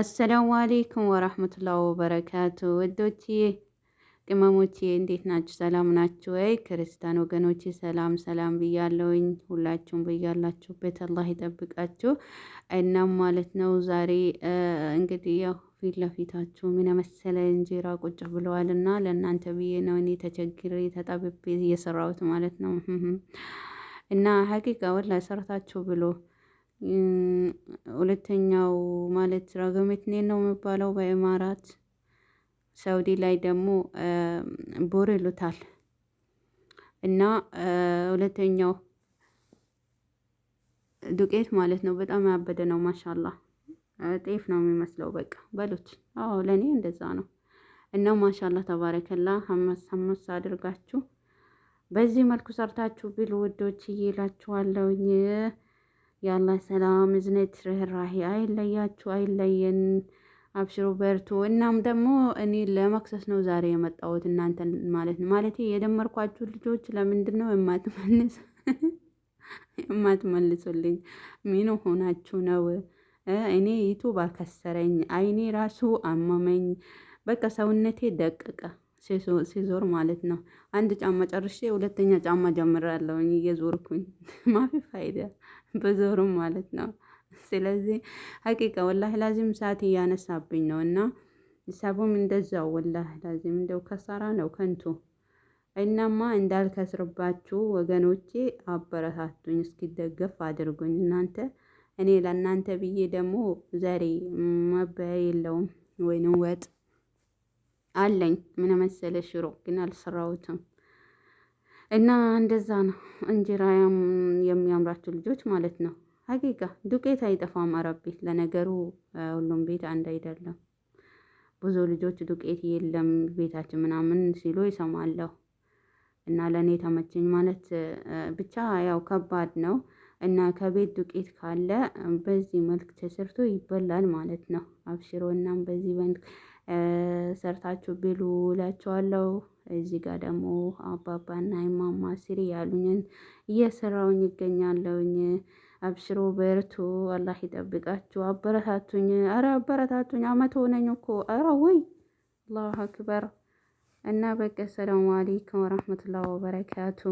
አሰላሙ አሌይኩም ወራህመቱላ ወበረካቱ። ወዶቼ ቅመሞቼ እንዴት ናችሁ? ሰላም ናችሁ ወይ? ክርስቲያን ወገኖቼ ሰላም ሰላም ብያለውኝ። ሁላችሁም ብያላችሁበት አላህ ይጠብቃችሁ። እናም ማለት ነው ዛሬ እንግዲህ ያው ፊት ለፊታችሁ ምን መሰለ እንጀራ ቁጭ ብለዋል እና ለእናንተ ብዬ ነው እኔ ተቸግሬ ተጠብቤ እየሰራሁት ማለት ነው እና ሀቂቃ ወላሂ ሰርታችሁ ብሎ ሁለተኛው ማለት ራገመትኔን ነው የሚባለው በኢማራት ሳውዲ ላይ ደግሞ ቦር ይሉታል። እና ሁለተኛው ዱቄት ማለት ነው። በጣም ያበደ ነው። ማሻላ ጤፍ ነው የሚመስለው። በቃ በሉት። አዎ ለእኔ እንደዛ ነው። እና ማሻላ ተባረከላ። ሀመስ ሀመስ አድርጋችሁ በዚህ መልኩ ሰርታችሁ ቢሉ ውዶች እየላችኋለሁኝ። የአላህ ሰላም፣ እዝነት፣ ርህራሄ አይለያችሁ፣ አይለየን። አብሽሮ በርቱ። እናም ደግሞ እኔ ለመክሰስ ነው ዛሬ የመጣሁት እናንተ ማለት ነው። ማለት የደመርኳችሁ ልጆች ለምንድን ነው የማትመልስ የማትመልሱልኝ? ምን ሆናችሁ ነው? እኔ ዩቱብ አከሰረኝ፣ አይኔ ራሱ አመመኝ። በቃ ሰውነቴ ደቀቀ። ሲዞር ማለት ነው። አንድ ጫማ ጨርሼ ሁለተኛ ጫማ ጀምራለሁኝ እየዞርኩኝ ማፊ ፋይዳ በዞርም ማለት ነው። ስለዚህ ሀቂቃ ወላህ ላዚም ሰዓት እያነሳብኝ ነው እና ሂሳቡም እንደዛው ወላህ ላዚም እንደው ከሳራ ነው ከንቱ። እናማ እንዳልከስርባችሁ ወገኖቼ አበረታቱኝ፣ እስኪደገፍ አድርጉኝ እናንተ እኔ ለእናንተ ብዬ ደግሞ ዛሬ መበያ የለውም ወይንም ወጥ አለኝ ምን መሰለ ሽሮ ግን አልሰራሁትም። እና እንደዛ ነው እንጀራ የሚያምራቸው ልጆች ማለት ነው። ሀቂቃ ዱቄት አይጠፋም አረብ ቤት። ለነገሩ ሁሉም ቤት አንድ አይደለም። ብዙ ልጆች ዱቄት የለም ቤታችን ምናምን ሲሉ ይሰማለሁ። እና ለእኔ ተመቸኝ ማለት ብቻ ያው ከባድ ነው እና ከቤት ዱቄት ካለ በዚህ መልክ ተሰርቶ ይበላል ማለት ነው። አብሽሮ እናም በዚህ ሰርታችሁ ብሉ እላቸዋለሁ። እዚህ ጋር ደግሞ አባባና እማማ ስሪ ያሉኝን እየሰራውኝ ይገኛለውኝ። አብሽሮ በርቱ፣ አላህ ይጠብቃችሁ። አበረታቱኝ፣ አረ አበረታቱኝ። አመት ሆነኝ እኮ አረ ወይ አላሁ አክበር። እና በቃ ሰላሙ አለይኩም ወራህመቱላሂ ወበረካቱ